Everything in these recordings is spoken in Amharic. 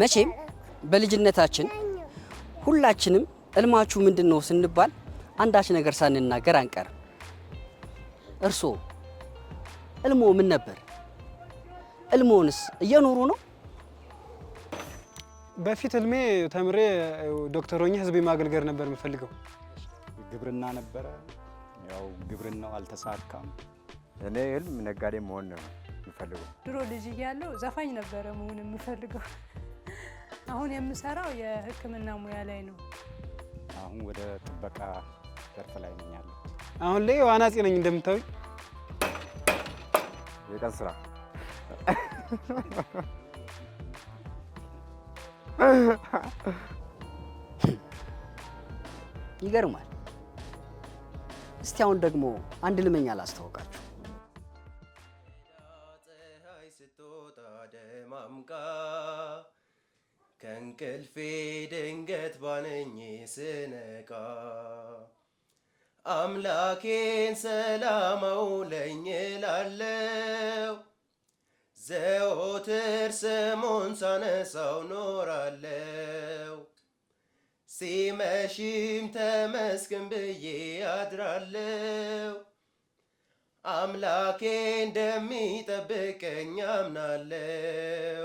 መቼም በልጅነታችን ሁላችንም እልማችሁ ምንድን ነው ስንባል አንዳች ነገር ሳንናገር አንቀርም። እርስዎ እልሞ ምን ነበር? እልሞንስ እየኖሩ ነው? በፊት እልሜ ተምሬ ዶክተር ሆኜ ህዝብ ማገልገል ነበር የምፈልገው። ግብርና ነበረ። ያው ግብርናው አልተሳካም። እኔ እልም ነጋዴ መሆን ነው የምፈልገው። ድሮ ልጅ እያለሁ ዘፋኝ ነበረ መሆን የምፈልገው። አሁን የምሰራው የህክምና ሙያ ላይ ነው። አሁን ወደ ጥበቃ ዘርፍ ላይ ነኝ ያለ አሁን ላይ ዋና ጽነኝ እንደምታዩኝ። የቀን ስራ ይገርማል። እስቲ አሁን ደግሞ አንድ ልመኛ ላስተዋውቃችሁ። ከእንቅልፌ ድንገት ባነኝ ስነቃ አምላኬን ሰላም አውለኝ እላለው። ዘወትር ስሙን ሳነሳው ኖራለው። ሲመሽም ተመስገን ብዬ አድራለው። አምላኬ እንደሚጠብቀኝ አምናለው።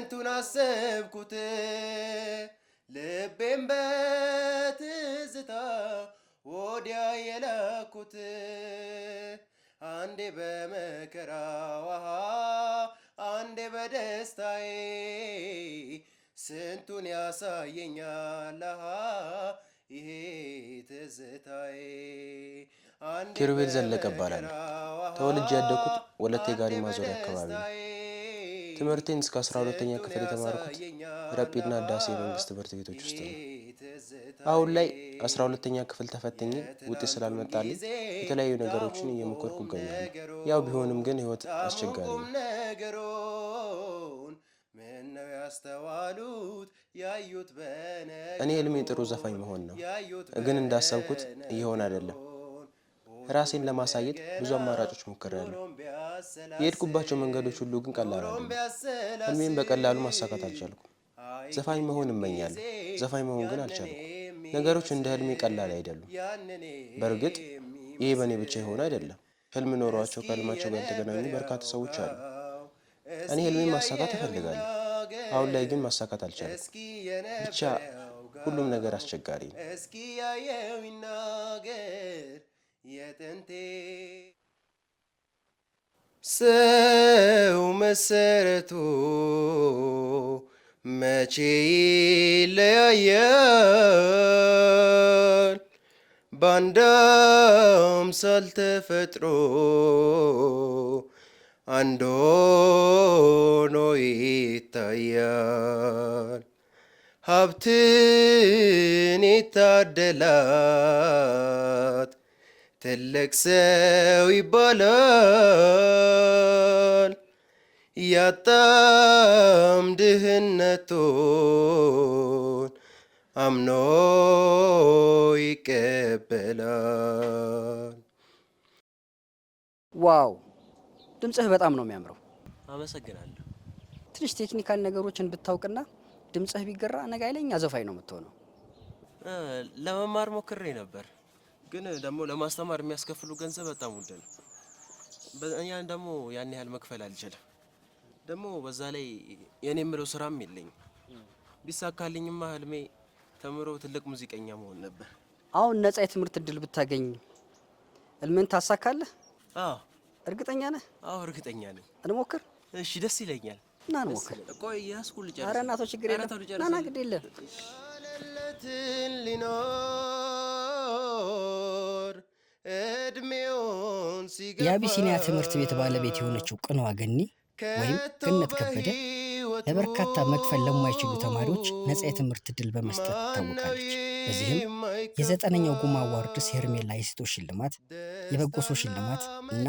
ከንቱን አሰብኩት ልቤም በትዝታ ወዲያ የላኩት አንዴ በመከራዋ አንዴ በደስታዬ ስንቱን ያሳየኛል ይሄ ትዝታዬ። ኪሩቤል ዘለቀ እባላለሁ። ተወልጄ ያደኩት ወለቴ ጋሪ ማዞሪያ አካባቢ ነው። ትምህርቴን እስከ 12ኛ ክፍል የተማርኩት ረጲና ዳሴ መንግስት ትምህርት ቤቶች ውስጥ ነው። አሁን ላይ 12ኛ ክፍል ተፈትኜ ውጤት ስላልመጣልኝ የተለያዩ ነገሮችን እየሞከርኩ እገኛለሁ። ያው ቢሆንም ግን ህይወት አስቸጋሪ ነው። ምነው ያስተዋሉት ያዩት በነ እኔ ህልሜ ጥሩ ዘፋኝ መሆን ነው፣ ግን እንዳሰብኩት እየሆነ አይደለም። ራሴን ለማሳየት ብዙ አማራጮች ሞክሬያለሁ። የሄድኩባቸው መንገዶች ሁሉ ግን ቀላል አይደሉም። ህልሜን በቀላሉ ማሳካት አልቻልኩም። ዘፋኝ መሆን እመኛለሁ። ዘፋኝ መሆን ግን አልቻልኩም። ነገሮች እንደ ህልሜ ቀላል አይደሉም። በእርግጥ ይሄ በእኔ ብቻ የሆነ አይደለም። ህልም ኖሯቸው ከህልማቸው ጋር የተገናኙ በርካታ ሰዎች አሉ። እኔ ህልሜን ማሳካት እፈልጋለሁ። አሁን ላይ ግን ማሳካት አልቻልኩም። ብቻ ሁሉም ነገር አስቸጋሪ ነው። የጥንቴ ሰው መሰረቱ መቼ ይለያያል? ባንዳም ሳልተፈጥሮ ተፈጥሮ አንድ ሆኖ ይታያል። ሀብትን የታደላት ትልቅ ሰው ይባላል። ያጣም ድህነቱን አምኖ ይቀበላል። ዋው ድምፅህ በጣም ነው የሚያምረው። አመሰግናለሁ። ትንሽ ቴክኒካል ነገሮችን ብታውቅና ድምፅህ ቢገራ ነገ አይለኛ ዘፋኝ ነው የምትሆነው። ለመማር ሞክሬ ነበር ግን ደግሞ ለማስተማር የሚያስከፍሉ ገንዘብ በጣም ውድ ነው። ያን ደግሞ ያን ያህል መክፈል አልችልም። ደግሞ በዛ ላይ የኔ የምለው ስራም የለኝ። ቢሳካልኝማ ህልሜ ተምሮ ትልቅ ሙዚቀኛ መሆን ነበር። አሁን ነጻ የትምህርት እድል ብታገኝ ህልምን ታሳካለህ? አዎ። እርግጠኛ ነህ? አዎ፣ እርግጠኛ ነኝ። እንሞክር። እሺ፣ ደስ ይለኛል። ና እንሞክር። ቆይ ያስኩል ጨርሰህ። ኧረ እናቶ ችግር የለም። ና ግድ የለም። ሊኖር የአቢሲኒያ ትምህርት ቤት ባለቤት የሆነችው ቅንዋ ገኒ ወይም ገነት ከበደ ለበርካታ መክፈል ለማይችሉ ተማሪዎች ነፃ የትምህርት ዕድል በመስጠት ትታወቃለች። በዚህም የዘጠነኛው ጉማ አዋርድስ የርሜላ የሴቶች ሽልማት፣ የበጎ ሰው ሽልማት እና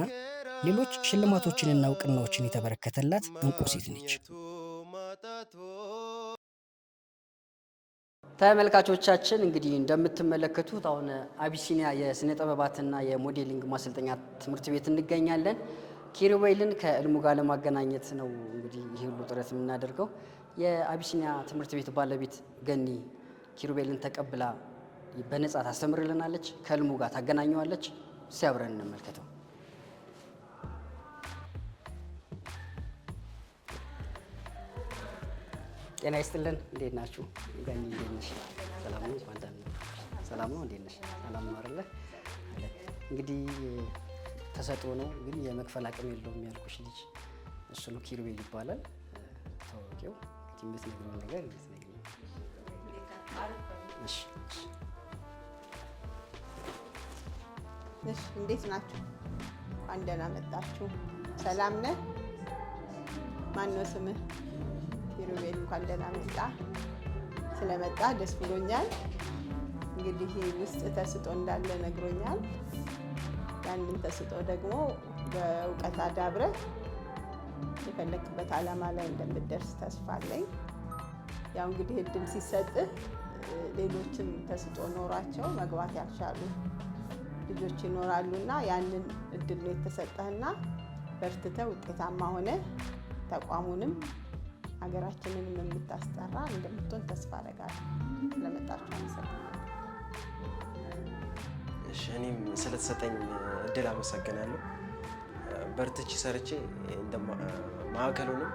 ሌሎች ሽልማቶችንና እውቅናዎችን የተበረከተላት እንቁ ሴት ነች። ተመልካቾቻችን እንግዲህ እንደምትመለከቱት አሁን አቢሲኒያ የስነ ጥበባትና የሞዴሊንግ ማሰልጠኛ ትምህርት ቤት እንገኛለን። ኪሩቤልን ከእልሙ ጋር ለማገናኘት ነው እንግዲህ ይህ ሁሉ ጥረት የምናደርገው። የአቢሲኒያ ትምህርት ቤት ባለቤት ገኒ ኪሩቤልን ተቀብላ በነጻ ታስተምርልናለች፣ ከእልሙ ጋር ታገናኘዋለች። ሲያብረን እንመልከተው። ጤና ይስጥልን። እንዴት ናችሁ? ጋኝ እንዴት ነሽ? ሰላም ነው? እንኳን ሰላም ነው? እንዴት ነሽ? ሰላም ነው አይደለ? እንግዲህ ተሰጥኦ ነው፣ ግን የመክፈል አቅም የለውም ያልኩሽ ልጅ እሱ ነው። ኪሩቤል ይባላል ታዋቂው። እንግዲህ የምትነግረው ነገር የምትነግረው እሺ። እሺ፣ እንዴት ናችሁ? እንኳን ደህና መጣችሁ። ሰላም ነህ? ማን ነው ስምህ? ኪሩቤል እንኳን ደህና መጣ። ስለመጣ ደስ ብሎኛል። እንግዲህ ውስጥ ተስጦ እንዳለ ነግሮኛል። ያንን ተስጦ ደግሞ በእውቀት አዳብረ የፈለክበት ዓላማ ላይ እንደምደርስ ተስፋ አለኝ። ያው እንግዲህ እድል ሲሰጥህ ሌሎችም ተስጦ ኖሯቸው መግባት ያልቻሉ ልጆች ይኖራሉና ያንን እድል ነው የተሰጠህና በርትተ ውጤታማ ሆነ ተቋሙንም ሀገራችንንም የምታስጠራ እንደምትሆን ተስፋ አደርጋለሁ። ለመጣችሁ አመሰግናለሁ። እኔም ስለተሰጠኝ እድል አመሰግናለሁ። በርትቺ ሰርቼ ማዕከሉንም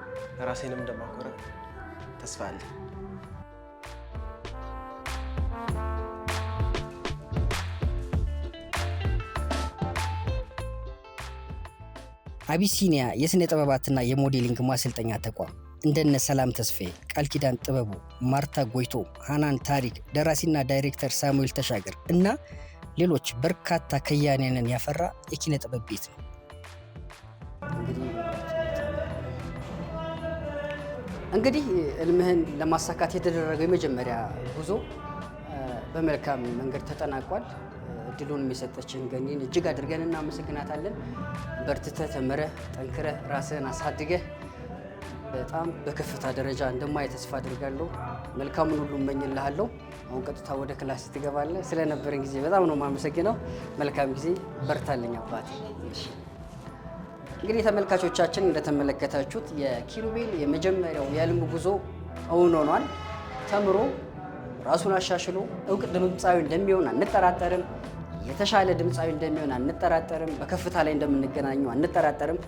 ራሴንም እንደማኮረ ተስፋ አለ። አቢሲኒያ የሥነ ጥበባትና የሞዴሊንግ ማሰልጠኛ ተቋም እንደነ ሰላም ተስፌ፣ ቃል ኪዳን ጥበቡ፣ ማርታ ጎይቶ፣ ሃናን ታሪክ፣ ደራሲና ዳይሬክተር ሳሙኤል ተሻገር እና ሌሎች በርካታ ከያኔንን ያፈራ የኪነ ጥበብ ቤት ነው። እንግዲህ እልምህን ለማሳካት የተደረገው የመጀመሪያ ጉዞ በመልካም መንገድ ተጠናቋል። እድሉን የሚሰጠችን ገኒን እጅግ አድርገን እናመሰግናታለን። በርትተህ ተምረህ ጠንክረህ ራስህን አሳድገህ በጣም በከፍታ ደረጃ እንደማየ ተስፋ አድርጋለሁ። መልካሙን ሁሉ እመኝልሃለሁ። አሁን ቀጥታ ወደ ክላስ ትገባለህ። ስለነበረን ጊዜ በጣም ነው የማመሰግነው። መልካም ጊዜ። በርታለኝ አባት። እንግዲህ ተመልካቾቻችን እንደተመለከታችሁት የኪሩቤል የመጀመሪያው የህልም ጉዞ እውን ሆኗል። ተምሮ ራሱን አሻሽሎ እውቅ ድምፃዊ እንደሚሆን አንጠራጠርም። የተሻለ ድምፃዊ እንደሚሆን አንጠራጠርም። በከፍታ ላይ እንደምንገናኘው አንጠራጠርም።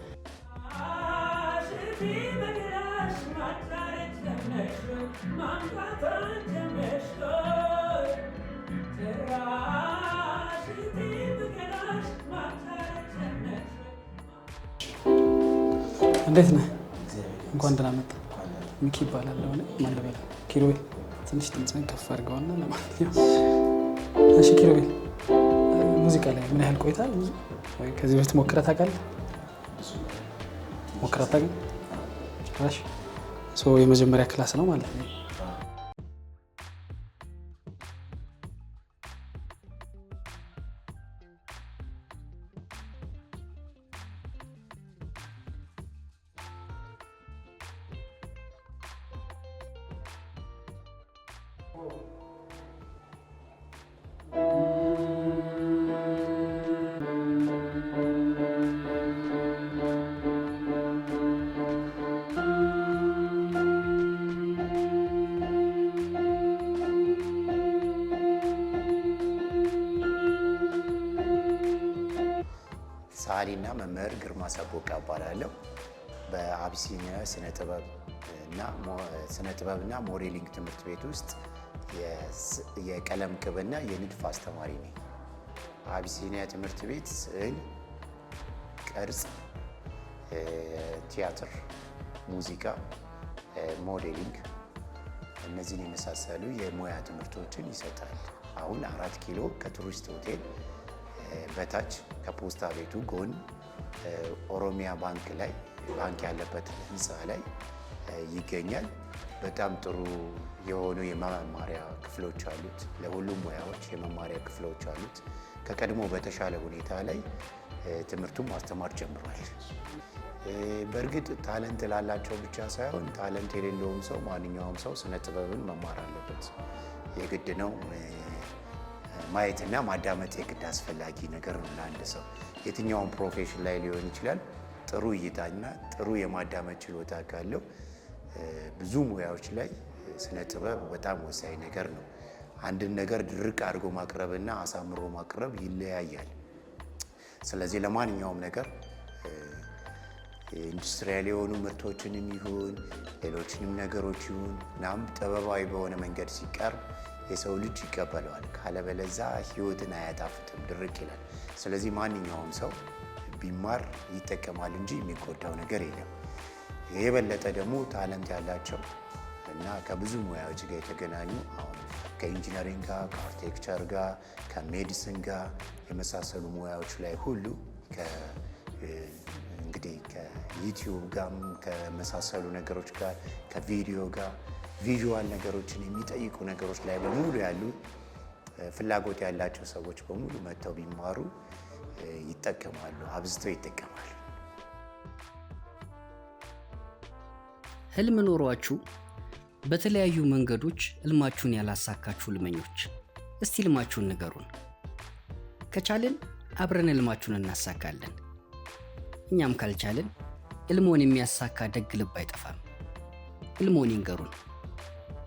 እንዴት ነህ? እንኳን ደህና መጣ። ሚኪ ይባላል። ሆነ ማን ኪሩቤል ትንሽ ድምፅህን ከፍ አድርገውና ለማለት እሺ ኪሩቤል፣ ሙዚቃ ላይ ምን ያህል ቆይታል? ከዚህ በፊት ሞክረህ ታውቃለህ? ሞክረህ ታውቃለህ? የመጀመሪያ ክላስ ነው ማለት ነው። ጸሐፊና መምህር ግርማ ሰቦቃ እባላለሁ። በአቢሲኒያ ስነ ና ሞዴሊንግ ትምህርት ቤት ውስጥ የቀለም ቅብና የንድፍ አስተማሪ ነኝ። አቢሲኒያ ትምህርት ቤት ስዕል፣ ቅርጽ፣ ቲያትር፣ ሙዚቃ፣ ሞዴሊንግ እነዚህን የመሳሰሉ የሙያ ትምህርቶችን ይሰጣል። አሁን አራት ኪሎ ከቱሪስት ሆቴል በታች ከፖስታ ቤቱ ጎን ኦሮሚያ ባንክ ላይ ባንክ ያለበት ህንፃ ላይ ይገኛል። በጣም ጥሩ የሆኑ የመማሪያ ክፍሎች አሉት። ለሁሉም ሙያዎች የመማሪያ ክፍሎች አሉት። ከቀድሞ በተሻለ ሁኔታ ላይ ትምህርቱን ማስተማር ጀምሯል። በእርግጥ ታለንት ላላቸው ብቻ ሳይሆን ታለንት የሌለውም ሰው ማንኛውም ሰው ስነ ጥበብን መማር አለበት፣ የግድ ነው። ማየትና ማዳመጥ የግድ አስፈላጊ ነገር ነው ለአንድ ሰው የትኛውን ፕሮፌሽን ላይ ሊሆን ይችላል። ጥሩ እይታና ጥሩ የማዳመጥ ችሎታ ካለው ብዙ ሙያዎች ላይ ስነ ጥበብ በጣም ወሳኝ ነገር ነው። አንድን ነገር ድርቅ አድርጎ ማቅረብና አሳምሮ ማቅረብ ይለያያል። ስለዚህ ለማንኛውም ነገር ኢንዱስትሪያል የሆኑ ምርቶችንም ይሁን ሌሎችንም ነገሮች ይሁን ናም ጥበባዊ በሆነ መንገድ ሲቀርብ የሰው ልጅ ይቀበለዋል። ካለበለዛ ህይወትን አያጣፍጥም፣ ድርቅ ይላል። ስለዚህ ማንኛውም ሰው ቢማር ይጠቀማል እንጂ የሚጎዳው ነገር የለም። የበለጠ ደግሞ ታለንት ያላቸው እና ከብዙ ሙያዎች ጋር የተገናኙ አሁን ከኢንጂነሪንግ ጋር፣ ከአርኪቴክቸር ጋር፣ ከሜዲሲን ጋር የመሳሰሉ ሙያዎች ላይ ሁሉ እንግዲህ ከዩቲዩብ ጋር ከመሳሰሉ ነገሮች ጋር ከቪዲዮ ጋር ቪዥዋል ነገሮችን የሚጠይቁ ነገሮች ላይ በሙሉ ያሉ ፍላጎት ያላቸው ሰዎች በሙሉ መጥተው ቢማሩ ይጠቀማሉ፣ አብዝተው ይጠቀማሉ። ህልም ኖሯችሁ በተለያዩ መንገዶች እልማችሁን ያላሳካችሁ እልመኞች እስቲ ህልማችሁን ንገሩን። ከቻልን አብረን እልማችሁን እናሳካለን። እኛም ካልቻልን እልሞን የሚያሳካ ደግ ልብ አይጠፋም። እልሞን ይንገሩን።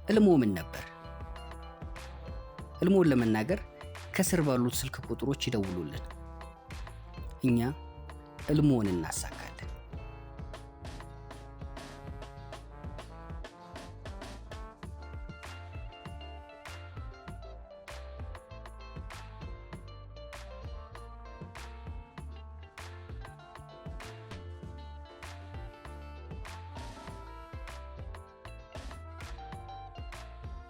እልሞ ምን ነበር? እልሞን ለመናገር ከስር ባሉት ስልክ ቁጥሮች ይደውሉልን። እኛ እልሞን እናሳካ።